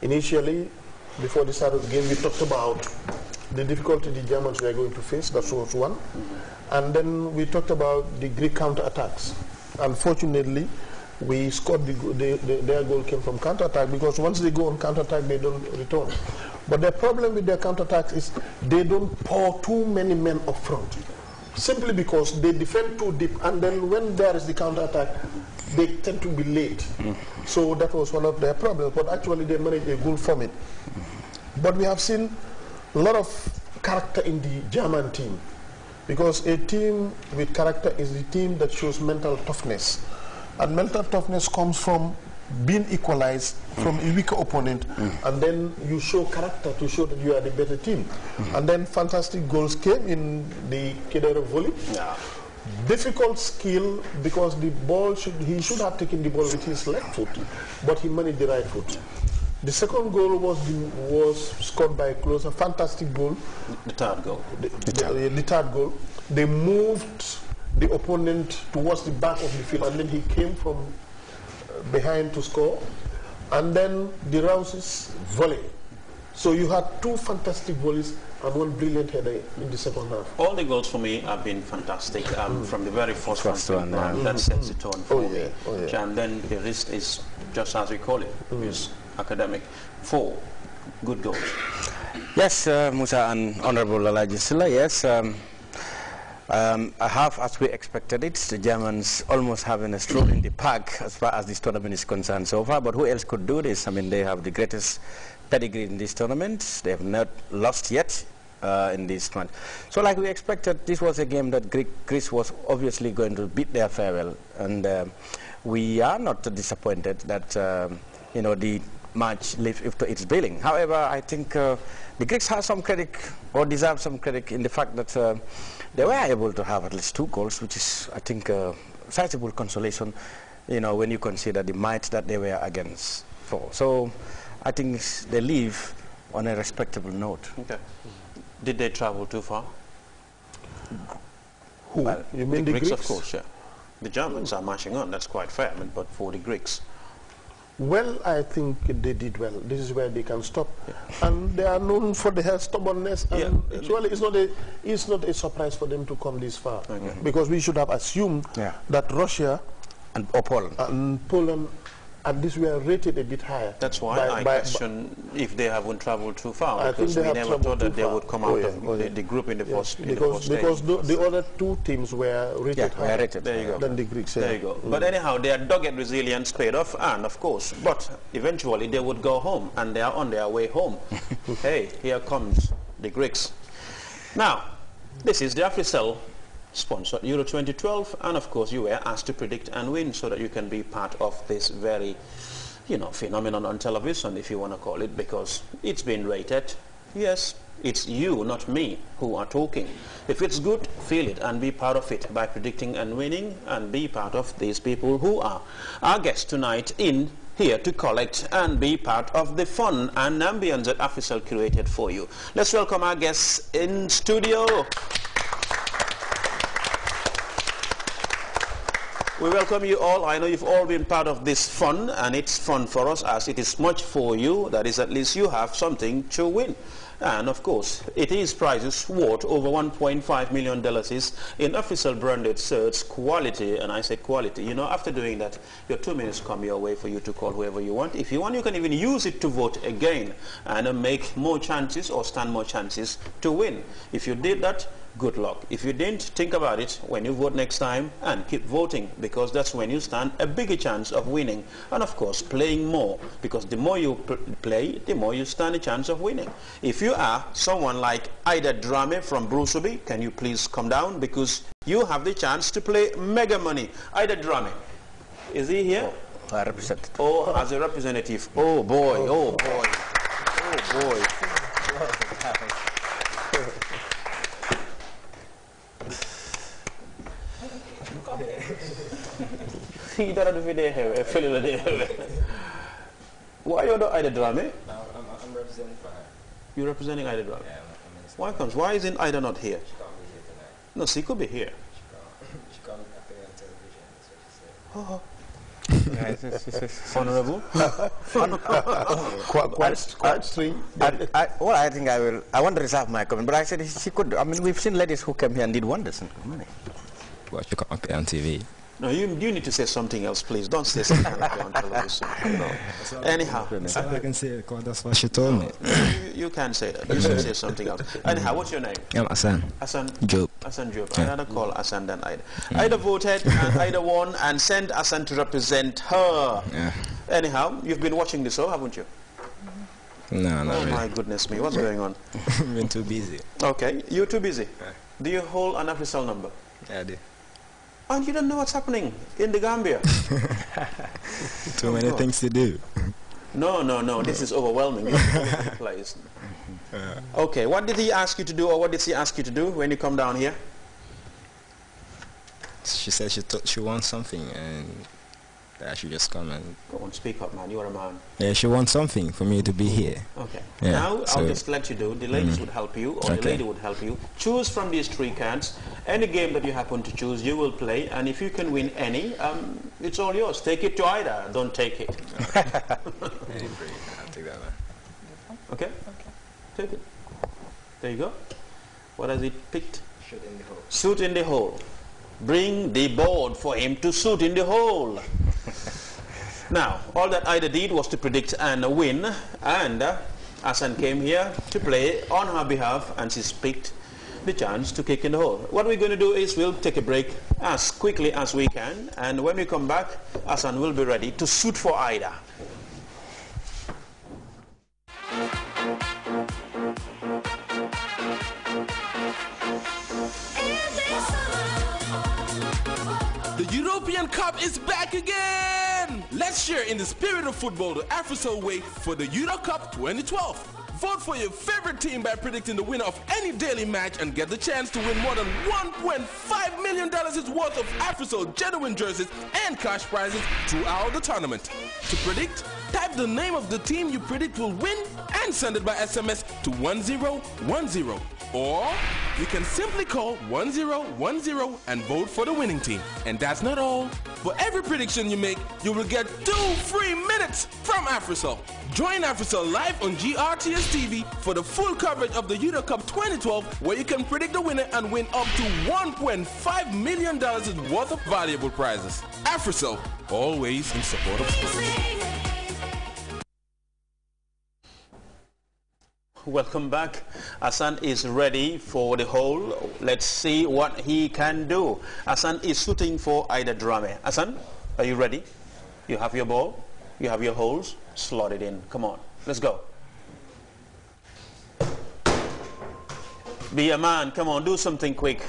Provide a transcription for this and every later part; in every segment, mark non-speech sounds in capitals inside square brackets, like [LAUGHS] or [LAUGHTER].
Initially, before the start of the game, we talked about the difficulty the Germans were going to face, that was one. And then we talked about the Greek counter-attacks. Unfortunately, we scored, the, the, the, their goal came from counter-attack because once they go on counter-attack, they don't return. But the problem with their counter-attacks is they don't pour too many men up front. Simply because they defend too deep and then when there is the counter-attack, they tend to be late. Mm. So that was one of their problems. But actually, they managed a goal from it. But we have seen a lot of character in the German team. Because a team with character is the team that shows mental toughness. And mental toughness comes from being equalized mm. from a weaker opponent mm. and then you show character to show that you are the better team. Mm. And then fantastic goals came in the Kedera volley. Yeah difficult skill because the ball should he should have taken the ball with his left foot, but he managed the right foot. The second goal was the, was scored by Close, a fantastic goal. The third goal. The, the, third. the, third. goal. They moved the opponent towards the back of the field, and then he came from uh, behind to score. And then the Rouses volley. So you had two fantastic volleys and one brilliant header in the second half. All the goals for me have been fantastic mm. um, mm. from the very first, first one, yeah. that mm. sets the mm. tone oh, for oh, me. Yeah. Oh, yeah. And then the rest is just as we call it, mm. is academic. Four good goals. Yes, uh, Musa and Honorable Elijah Silla, yes. Um, um, half as we expected it. The Germans almost having a stroll in the park as far as this tournament is concerned so far. But who else could do this? I mean, they have the greatest pedigree in this tournament; They have not lost yet uh, in this one. So like we expected, this was a game that Greek, Greece was obviously going to bid their farewell. And uh, we are not disappointed that, uh, you know, the match lives up to its billing. However, I think uh, the Greeks have some credit or deserve some credit in the fact that uh, they were able to have at least two goals, which is, I think, a sizable consolation, you know, when you consider the might that they were against. For. So I think they leave on a respectable note. Okay. Did they travel too far? Who? Well, you mean the, the Greeks, Greeks, Of course, yeah. The Germans are marching on, that's quite fair, I mean, but for the Greeks. Well, I think they did well. This is where they can stop. Yeah. And they are known for their stubbornness. And yeah. actually, it's not, a, it's not a surprise for them to come this far. Okay. Because we should have assumed yeah. that Russia and, Poland. and Poland and these were rated a bit higher. That's why by, I by, question by, if they haven't traveled too far, I because we never thought that they would come oh out yeah, of oh the, yeah. the, group in the first in Because, the first because the, the, other two teams were rated yeah, higher rated. There you go. than the Greeks. There you go. Mm. But anyhow, their dogged resilience paid off, and of course, but eventually they would go home, and they are on their way home. [LAUGHS] hey, here comes the Greeks. Now, this is the official sponsored Euro 2012 and of course you were asked to predict and win so that you can be part of this very you know phenomenon on television if you want to call it because it's been rated yes it's you not me who are talking if it's good feel it and be part of it by predicting and winning and be part of these people who are our guests tonight in here to collect and be part of the fun and ambience that Official created for you. Let's welcome our guests in studio. We welcome you all. I know you've all been part of this fun, and it's fun for us as it is much for you. That is, at least you have something to win. And of course, it is prizes worth over $1.5 million in official branded shirts, quality. And I say quality. You know, after doing that, your two minutes come your way for you to call whoever you want. If you want, you can even use it to vote again and make more chances or stand more chances to win. If you did that, good luck. If you didn't, think about it when you vote next time and keep voting because that's when you stand a bigger chance of winning. And of course, playing more because the more you play, the more you stand a chance of winning. If you are someone like Ida Drame from Brusubi, can you please come down because you have the chance to play mega money. Ida Drame, is he here? Oh, representative. Oh, as a representative. Oh boy, oh boy, oh boy. [LAUGHS] fii dara du fi dee xewee fële la dee xewee waa yow doo Aida Dramé. I'm representing you representing Aida Dramé. Yeah, why comes? Why isn't Ida not here? No, she could be here. She can't. [COUGHS] She can't appear on television. Oh. Honorable, [LAUGHS] quite, strange. I, I, think I will. I want to reserve my comment, but I said she could. I mean, we've seen ladies who came here and did wonders in money. Well, she can't appear on TV. No, you, you need to say something else, please. Don't say something like on television. No. Anyhow. I can say, it, that's what she told me. You, you can't say that. You should say something else. Anyhow, what's your name? I'm Asan. Asan. Job. Asan Job. Yeah. Another call, Asan then Ida. Mm. Ida voted, and Ida won, and sent Asan to represent her. Yeah. Anyhow, you've been watching the show, haven't you? No, no. Oh, really. my goodness me. What's going on? [LAUGHS] I've been too busy. Okay. You're too busy? Yeah. Do you hold an official number? Yeah, I do and oh, you don't know what's happening in the Gambia. [LAUGHS] Too many things to do. No, no, no, this is overwhelming. place. [LAUGHS] okay, what did he ask you to do or what did she ask you to do when you come down here? She said she, she wants something and that I should just come and go on, speak up, man. You are a man. Yeah, she wants something for me to be here. Okay. Yeah, now so I'll just let you do. The ladies mm. would help you, or okay. the lady would help you. Choose from these three cards. Any game that you happen to choose, you will play, and if you can win any, um, it's all yours. Take it to either. Don't take it. Okay. [LAUGHS] I'll take that. Okay. Okay. Take it. There you go. What has it picked? Shoot in the hole. Shoot in the hole. Bring the board for him to shoot in the hole. Now, all that Ida did was to predict and win, and uh, Asan came here to play on her behalf, and she picked the chance to kick in the hole. What we're going to do is we'll take a break as quickly as we can, and when we come back, Asan will be ready to shoot for Ida. The European Cup is back again! Then let's share in the spirit of football the AfroSoul way for the Euro Cup 2012. Vote for your favorite team by predicting the winner of any daily match and get the chance to win more than $1.5 million worth of AfroSoul genuine jerseys and cash prizes throughout the tournament. To predict, type the name of the team you predict will win and send it by SMS to 1010. Or you can simply call 1010 and vote for the winning team. And that's not all. For every prediction you make, you will get two free minutes from AfriCell. Join AfriCell live on GRTS TV for the full coverage of the Euro Cup 2012, where you can predict the winner and win up to $1.5 million worth of valuable prizes. AfriCell, always in support of sports. Welcome back. Asan is ready for the hole. Let's see what he can do. Asan is shooting for either drama. Asan, are you ready? You have your ball. You have your holes. Slot it in. Come on. Let's go. Be a man. Come on. Do something quick.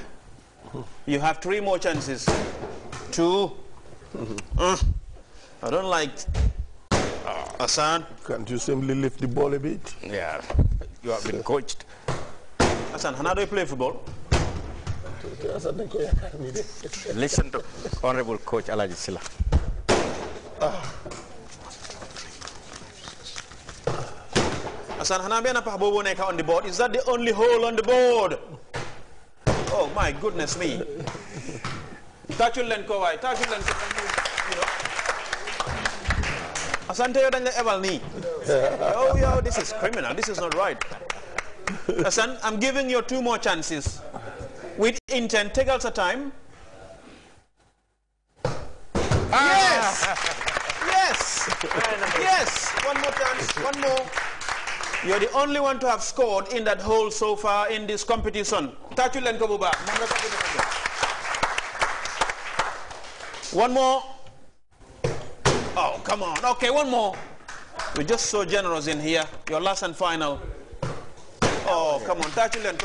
You have three more chances. Two. Uh, [LAUGHS] I don't like... Uh, Hassan. Can't you simply lift the ball a bit? Yeah you have been coached. Hassan, how do you play football? Listen to Honorable Coach Alaji Silla. Hassan, Hanabiana you? Neka on the board. Is that the only hole on the board? Oh, my goodness me. Tachul Lenko, why? Tachul Lenko. Asante yo dañ you ebal nii [LAUGHS] oh, yo, this is criminal. This is not right. Listen, I'm giving you two more chances. With intent, take out the time. Yes! yes! yes! One more chance, one more. You're the only one to have scored in that hole so far in this competition. Tatu Kobuba. One more. Oh, come on. Okay, one more. We're just so generous in here. Your last and final. Oh, come on. Touch and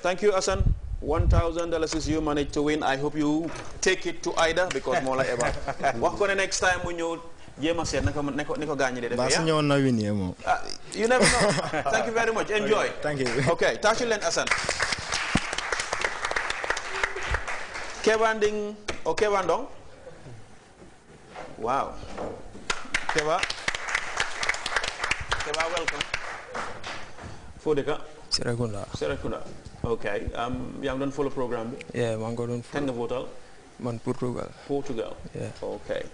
Thank you, Asan. $1,000 is you managed to win. I hope you take it to Ida because more like ever. What's going next time when you Yema You never know. Thank you very much. [LAUGHS] Enjoy. Thank you. [LAUGHS] Okay, Tashi and Asan. Kevanding or Kevandong? waaw Keba Keba welcome foo dëkka Serekunda ok yaa ngi doon follow programme bi yeah maa ngi ko doon votal man Portugal Portugal yeah